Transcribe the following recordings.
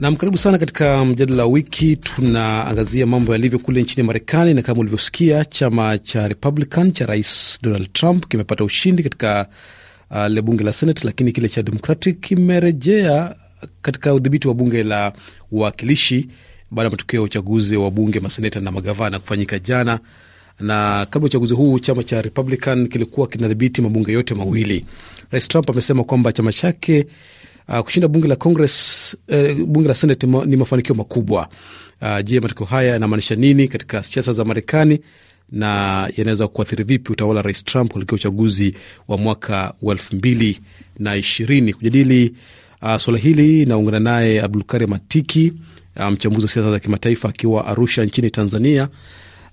Nam, karibu sana katika mjadala wa wiki. Tunaangazia mambo yalivyo kule nchini Marekani, na kama ulivyosikia, chama cha Republican cha Rais Donald Trump kimepata ushindi katika uh, le bunge la Senate, lakini kile cha Democratic kimerejea katika udhibiti wa bunge la uwakilishi baada ya matokeo ya uchaguzi wa bunge, maseneta na magavana kufanyika jana. Na kabla ya uchaguzi huu chama cha Republican kilikuwa kinadhibiti mabunge yote mawili. Rais Trump amesema kwamba chama chake Uh, kushinda bunge la Congress, uh, bunge la Senate ma, ni mafanikio makubwa. Uh, je, matokeo haya yanamaanisha nini katika siasa za Marekani na yanaweza kuathiri vipi utawala wa Rais Trump kuelekea uchaguzi wa mwaka wa elfu mbili na ishirini? Kujadili uh, suala hili naungana naye Abdulkari Matiki, uh, mchambuzi wa siasa za kimataifa akiwa Arusha nchini Tanzania,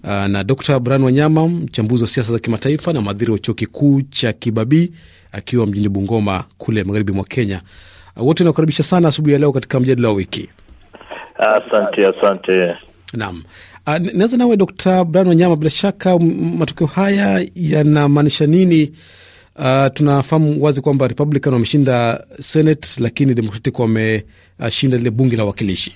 uh, na Dr Bran Wanyama, mchambuzi wa siasa za kimataifa na mhadhiri wa chuo kikuu cha Kibabii akiwa mjini Bungoma kule magharibi mwa Kenya wote nakukaribisha sana asubuhi ya leo katika mjadala wa wiki. Asante, asante. Naam, ah, naweza nawe Dkt. Brian Wanyama, bila shaka matokeo haya yanamaanisha nini? Uh, tunafahamu wazi kwamba Republican wameshinda Senate, lakini Democratic wameshinda lile bunge la wawakilishi.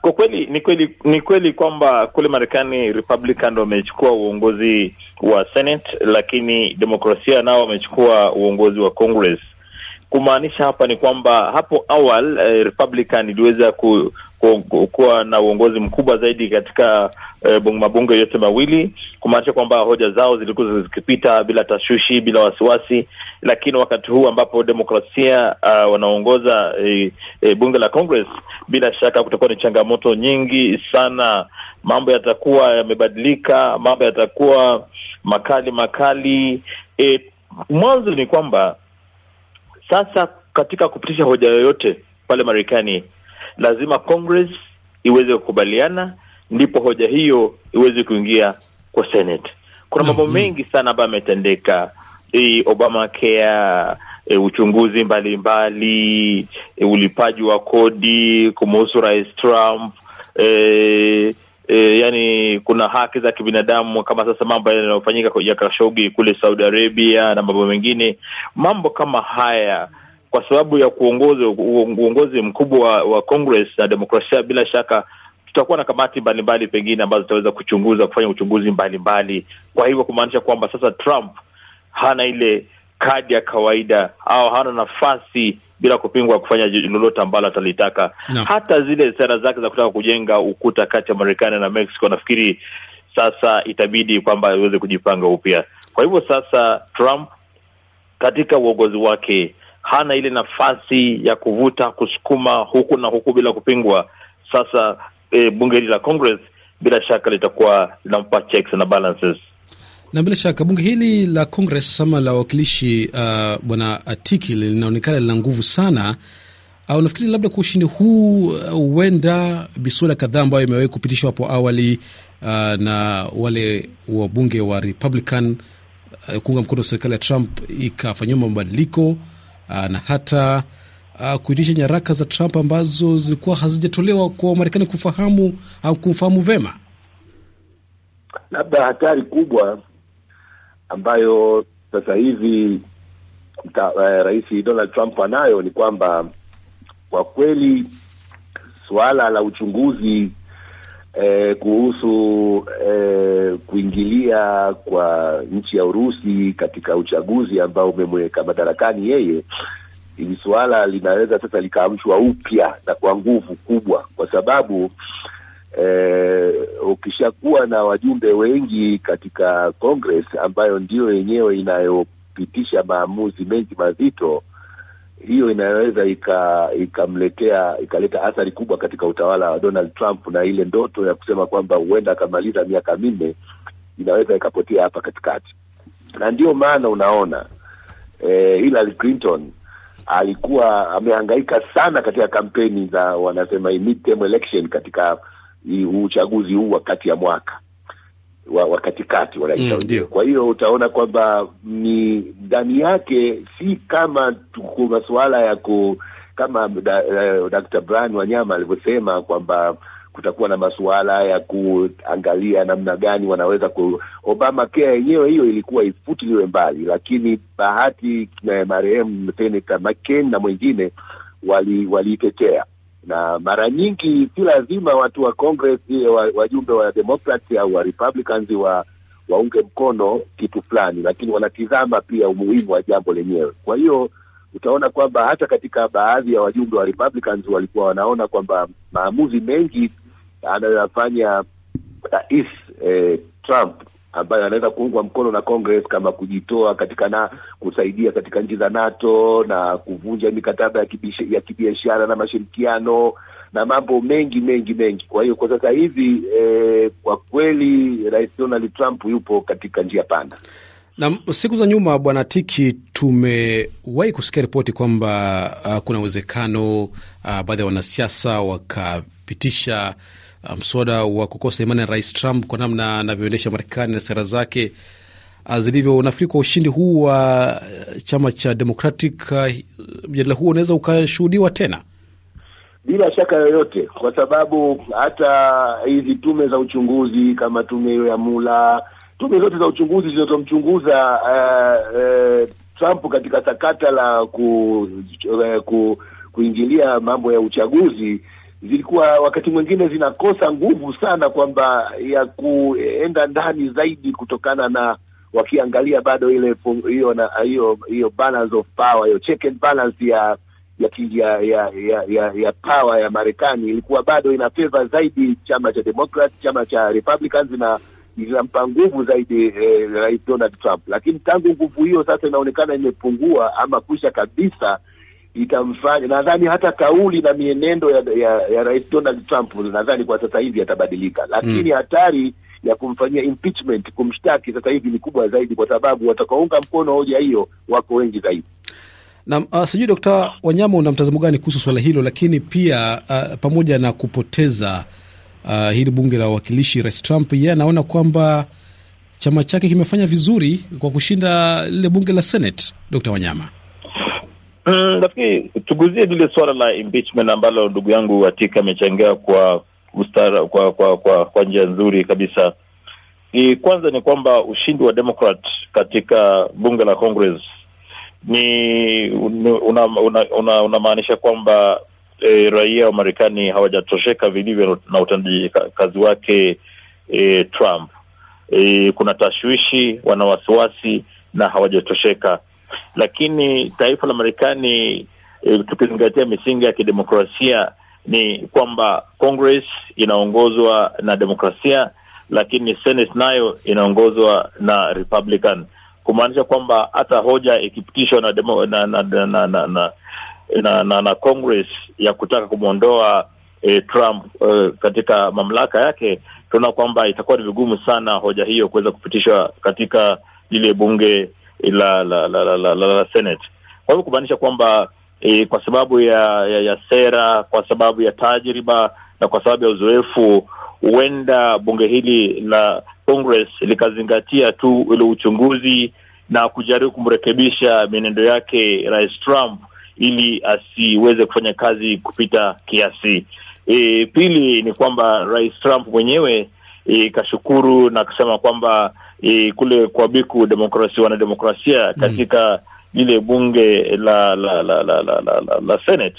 Kwa kweli ni kweli ni kweli kwamba kule Marekani Republican wamechukua uongozi wa Senate, lakini demokrasia nao wamechukua uongozi wa Congress kumaanisha hapa ni kwamba hapo awal eh, Republican iliweza ku, ku, ku, kuwa na uongozi mkubwa zaidi katika eh, mabunge yote mawili, kumaanisha kwamba hoja zao zilikuwa zikipita bila tashwishi, bila wasiwasi. Lakini wakati huu ambapo demokrasia uh, wanaongoza eh, eh, bunge la Congress, bila shaka kutakuwa ni changamoto nyingi sana. Mambo yatakuwa yamebadilika, mambo yatakuwa makali makali. Eh, mwanzo ni kwamba sasa katika kupitisha hoja yoyote pale Marekani, lazima Congress iweze kukubaliana, ndipo hoja hiyo iweze kuingia kwa Senate. Kuna mambo mm -hmm. mengi sana ambayo ametendeka hii Obamacare E, uchunguzi mbalimbali mbali, e, ulipaji wa kodi kumuhusu Rais Trump e, e, yani kuna haki za kibinadamu kama sasa mambo yanayofanyika ya kashogi kule Saudi Arabia na mambo mengine, mambo kama haya kwa sababu ya kuongozi uongozi mkubwa wa, wa Congress na demokrasia, bila shaka tutakuwa na kamati mbalimbali pengine ambazo zitaweza kuchunguza kufanya uchunguzi mbalimbali mbali. Kwa hivyo kumaanisha kwamba sasa Trump hana ile kadi ya kawaida au hana nafasi bila kupingwa kufanya lolote ambalo atalitaka no. Hata zile sera zake za kutaka kujenga ukuta kati ya Marekani na Mexico nafikiri sasa itabidi kwamba iweze kujipanga upya. Kwa hivyo sasa Trump katika uongozi wake hana ile nafasi ya kuvuta kusukuma huku na huku bila kupingwa. Sasa e, bunge hili la Congress bila shaka litakuwa linampa checks na balances. Na bila shaka bunge hili la Congress ama la wawakilishi uh, bwana Atiki linaonekana lina nguvu sana. Uh, unafikiri labda kwa ushindi huu uh, huenda uh, miswada kadhaa ambayo imewahi kupitishwa hapo awali uh, na wale wabunge wa Republican uh, kuunga mkono serikali ya Trump ikafanyiwa mabadiliko uh, na hata uh, kuitisha nyaraka za Trump ambazo zilikuwa hazijatolewa kwa Wamarekani kufahamu au kumfahamu vema. Labda hatari kubwa ambayo sasa hivi mta, uh, rais Donald Trump anayo ni kwamba kwa kweli suala la uchunguzi eh, kuhusu eh, kuingilia kwa nchi ya Urusi katika uchaguzi ambao umemweka madarakani yeye, ili suala linaweza sasa likaamshwa upya na kwa nguvu kubwa, kwa sababu eh, ukishakuwa na wajumbe wengi katika Congress ambayo ndiyo yenyewe inayopitisha maamuzi mengi mazito, hiyo inaweza ikamletea ikaleta athari kubwa katika utawala wa Donald Trump, na ile ndoto ya kusema kwamba huenda akamaliza miaka minne inaweza ikapotea hapa katikati, na ndiyo maana unaona eh, Hillary Clinton alikuwa amehangaika sana katika kampeni za wanasema midterm election katika uchaguzi huu wakati ya mwaka wa, wa katikati wanaita mm. Kwa hiyo utaona kwamba ni ndani yake si kama tuko masuala ya ku kama uh, Dr. Brian Wanyama alivyosema kwamba kutakuwa na masuala ya kuangalia namna gani wanaweza ku Obama care yenyewe hiyo ilikuwa ifutiliwe mbali, lakini bahati eh, marehemu Senator McCain na mwingine waliitetea wali na mara nyingi si lazima watu wa Congress, eh, wajumbe wa, wa Democrats au wa Republicans wa waunge mkono kitu fulani, lakini wanatizama pia umuhimu wa jambo lenyewe. Kwa hiyo utaona kwamba hata katika baadhi ya wajumbe wa Republicans walikuwa wanaona kwamba maamuzi mengi anayoyafanya Rais eh, Trump ambayo anaweza kuungwa mkono na Congress kama kujitoa katika na kusaidia katika nchi za NATO na kuvunja mikataba ya kibiashara na mashirikiano na mambo mengi mengi mengi. Kwa hiyo kwa sasa hivi eh, kwa kweli Rais Donald Trump yupo katika njia panda. Na siku za nyuma, Bwana Tiki, tumewahi kusikia ripoti kwamba uh, kuna uwezekano uh, baadhi ya wanasiasa wakapitisha mswada um, wa kukosa imani na rais Trump kwa namna anavyoendesha Marekani na sera zake uh, zilivyo. Nafikiri kwa ushindi huu wa uh, chama cha Democratic, uh, mjadala huo unaweza ukashuhudiwa tena bila shaka yoyote, kwa sababu hata hizi tume za uchunguzi kama tume hiyo ya Mula, tume zote za uchunguzi zinazomchunguza uh, uh, Trump katika sakata la ku, uh, ku, kuingilia mambo ya uchaguzi zilikuwa wakati mwingine zinakosa nguvu sana kwamba ya kuenda ndani zaidi, kutokana na wakiangalia bado ile hiyo hiyo hiyo balance of power, hiyo check and balance ya ya ya ya ya, ya, ya power ya Marekani ilikuwa bado ina favor zaidi chama cha Democrat, chama cha Republicans na zinampa nguvu zaidi eh, Rais Donald Trump. Lakini tangu nguvu hiyo sasa inaonekana imepungua ama kuisha kabisa, itamfanya nadhani hata kauli na mienendo ya, ya, ya Rais Donald Trump nadhani kwa sasa hivi yatabadilika, lakini mm. hatari ya kumfanyia impeachment, kumshtaki sasa hivi ni kubwa zaidi, kwa sababu watakaunga mkono hoja hiyo wako wengi zaidi. Na uh, ah, sijui Dokta Wanyama, una mtazamo gani kuhusu swala hilo? Lakini pia uh, pamoja na kupoteza uh, hili bunge la wawakilishi, Rais Trump yeye anaona kwamba chama chake kimefanya vizuri kwa kushinda lile bunge la Senate. Dkt. Wanyama Mm, nafikiri tuguzie lile suala la impeachment ambalo ndugu yangu Atika amechangia kwa ustara, kwa kwa kwa, kwa njia nzuri kabisa. I, kwanza ni kwamba ushindi wa Democrat katika bunge la Congress ni unamaanisha una, una, una kwamba e, raia wa Marekani hawajatosheka vilivyo na utendaji kazi wake e, Trump. E, kuna tashwishi, wana wasiwasi na hawajatosheka lakini taifa la Marekani e, tukizingatia misingi ya kidemokrasia ni kwamba Congress inaongozwa na demokrasia, lakini Senate nayo inaongozwa na Republican, kumaanisha kwamba hata hoja ikipitishwa na, na, na, na, na, na, na, na, na Congress ya kutaka kumwondoa e, Trump e, katika mamlaka yake, tunaona kwamba itakuwa ni vigumu sana hoja hiyo kuweza kupitishwa katika lile bunge Eh, la la la, la, la, la, la Senate. Kwa hivyo kumaanisha kwamba e, kwa sababu ya, ya ya sera, kwa sababu ya tajriba na kwa sababu ya uzoefu, huenda bunge hili la Congress likazingatia tu ule uchunguzi na kujaribu kumrekebisha mienendo yake Rais Trump ili asiweze kufanya kazi kupita kiasi. E, pili ni kwamba Rais Trump mwenyewe ikashukuru na kusema kwamba kule kwa biku demokrasia wanademokrasia mm. katika mm. lile bunge la la la la la, la, la, la Senate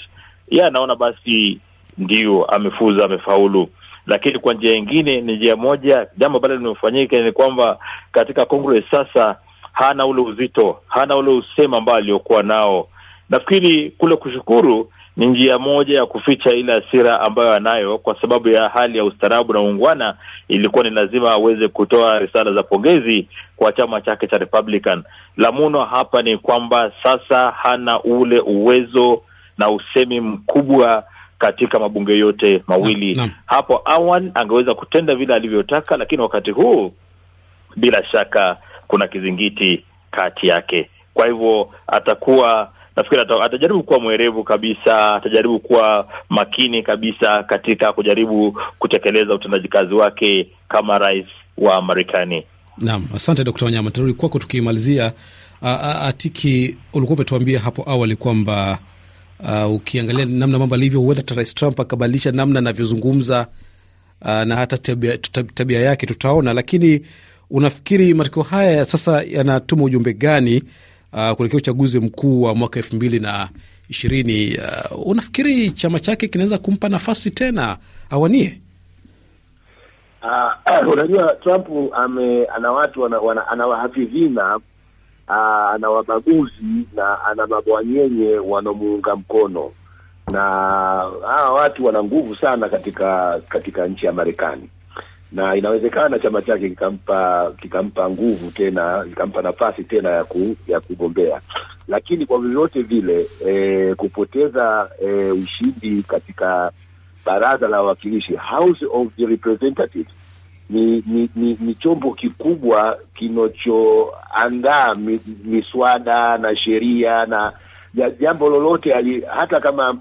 ya anaona basi ndio amefuza amefaulu lakini kwa njia ingine ni njia moja jambo ambalo limefanyika ni kwamba katika congress sasa hana ule uzito hana ule usema ambayo aliokuwa nao nafikiri kule kushukuru ni njia moja ya kuficha ile asira ambayo anayo. Kwa sababu ya hali ya ustaarabu na uungwana, ilikuwa ni lazima aweze kutoa risala za pongezi kwa chama chake cha Republican. La muno hapa ni kwamba sasa hana ule uwezo na usemi mkubwa katika mabunge yote mawili na, na. Hapo awan angeweza kutenda vile alivyotaka, lakini wakati huu bila shaka kuna kizingiti kati yake, kwa hivyo atakuwa nafikiri atajaribu kuwa mwerevu kabisa, atajaribu kuwa makini kabisa katika kujaribu kutekeleza utendaji kazi wake kama rais wa Marekani. Naam, asante Dkt. Wanyama, tarudi kwako tukimalizia. Atiki, ulikuwa umetuambia hapo awali kwamba Uh, ukiangalia namna mambo alivyo, huenda hata Rais Trump akabadilisha namna anavyozungumza uh, na hata tabia, tabia yake tutaona. Lakini unafikiri matokeo haya sasa yanatuma ujumbe gani uh, kuelekea uchaguzi mkuu wa mwaka elfu mbili na ishirini uh, unafikiri chama chake kinaweza kumpa nafasi tena awanie? Uh, uh, unajua Trump ame, ana watu uh, ana wabaguzi na ana mabwanyenye wanamuunga mkono, na hawa watu wana nguvu sana katika katika nchi ya Marekani na inawezekana chama chake kikampa kikampa nguvu tena kikampa nafasi tena ya ku, ya kugombea, lakini kwa vyovyote vile e, kupoteza e, ushindi katika baraza la wawakilishi House of the Representatives ni ni, ni, ni chombo kikubwa kinachoandaa mi, miswada na sheria na jambo lolote hata kama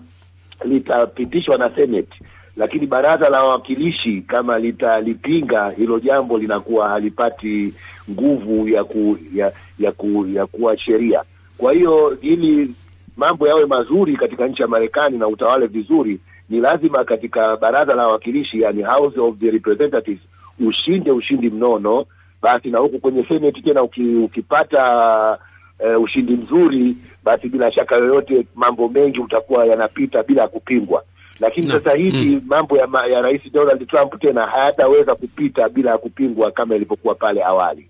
litapitishwa na Senate lakini baraza la wawakilishi kama litalipinga hilo jambo linakuwa halipati nguvu ya ku, ya, ya, ku, ya kuwa sheria. Kwa hiyo ili mambo yawe mazuri katika nchi ya Marekani na utawale vizuri, ni lazima katika baraza la wawakilishi, yani House of the Representatives, ushinde ushindi mnono, basi na huku kwenye Senate tena uki, ukipata uh, ushindi mzuri, basi bila shaka yoyote mambo mengi utakuwa yanapita bila kupingwa lakini no. Sasa hivi mm. mambo ya, ma, ya Rais Donald Trump tena hayataweza kupita bila ya kupingwa kama ilivyokuwa pale awali.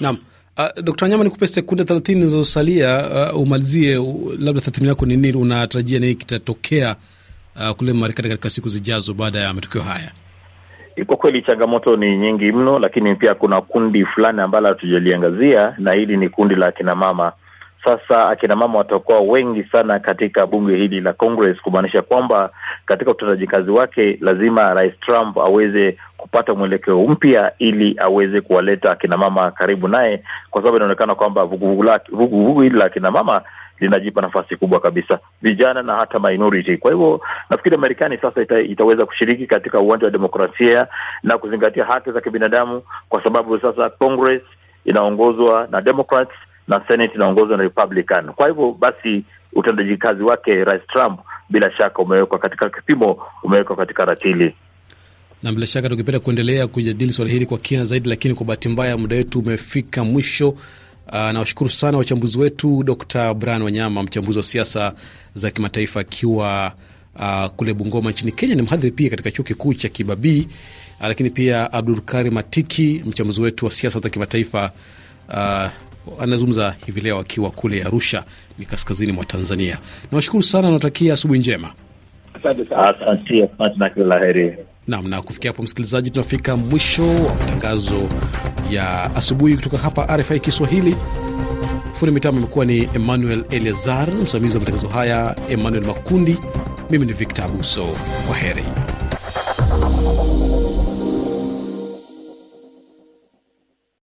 Naam. Uh, ah, Dr. Nyama, nikupe sekunde thelathini zinazosalia uh, umalizie uh, labda tathmini yako ni nini, unatarajia nini kitatokea uh, kule Marekani katika siku zijazo baada ya matukio haya? Kwa kweli changamoto ni nyingi mno, lakini pia kuna kundi fulani ambalo hatujaliangazia, na hili ni kundi la kinamama mama sasa akina mama watakuwa wengi sana katika bunge hili la Congress, kumaanisha kwamba katika utendaji kazi wake lazima Rais Trump aweze kupata mwelekeo mpya ili aweze kuwaleta akina mama karibu naye, kwa sababu inaonekana kwamba vuguvugu hili la akina mama linajipa nafasi kubwa kabisa, vijana na hata minority. Kwa hivyo nafikiri Marekani sasa ita, itaweza kushiriki katika uwanja wa demokrasia na kuzingatia haki za kibinadamu, kwa sababu sasa Congress inaongozwa na Democrats na Senate inaongozwa na Republican. Kwa hivyo basi utendaji kazi wake Rais Trump bila shaka umewekwa katika kipimo, umewekwa katika ratili na bila shaka tukipenda kuendelea kujadili swala hili kwa kina zaidi, lakini kwa bahati mbaya muda wetu umefika mwisho. Uh, nawashukuru sana wachambuzi wetu, Dr bran Wanyama, mchambuzi wa siasa za kimataifa akiwa ah, kule Bungoma nchini Kenya, ni mhadhiri pia katika chuo kikuu cha Kibabii, ah, lakini pia Abdulkari Matiki, mchambuzi wetu wa siasa za kimataifa anazungumza hivi leo akiwa kule Arusha, ni kaskazini mwa Tanzania. Nawashukuru sana, natakia asubuhi njema. nam na Naam, na kufikia hapo, msikilizaji, tunafika mwisho wa matangazo ya asubuhi kutoka hapa RFI Kiswahili. Fundi mitambo amekuwa ni Emmanuel Eleazar, msimamizi wa matangazo haya Emmanuel Makundi. Mimi ni Victor Abuso, kwa heri.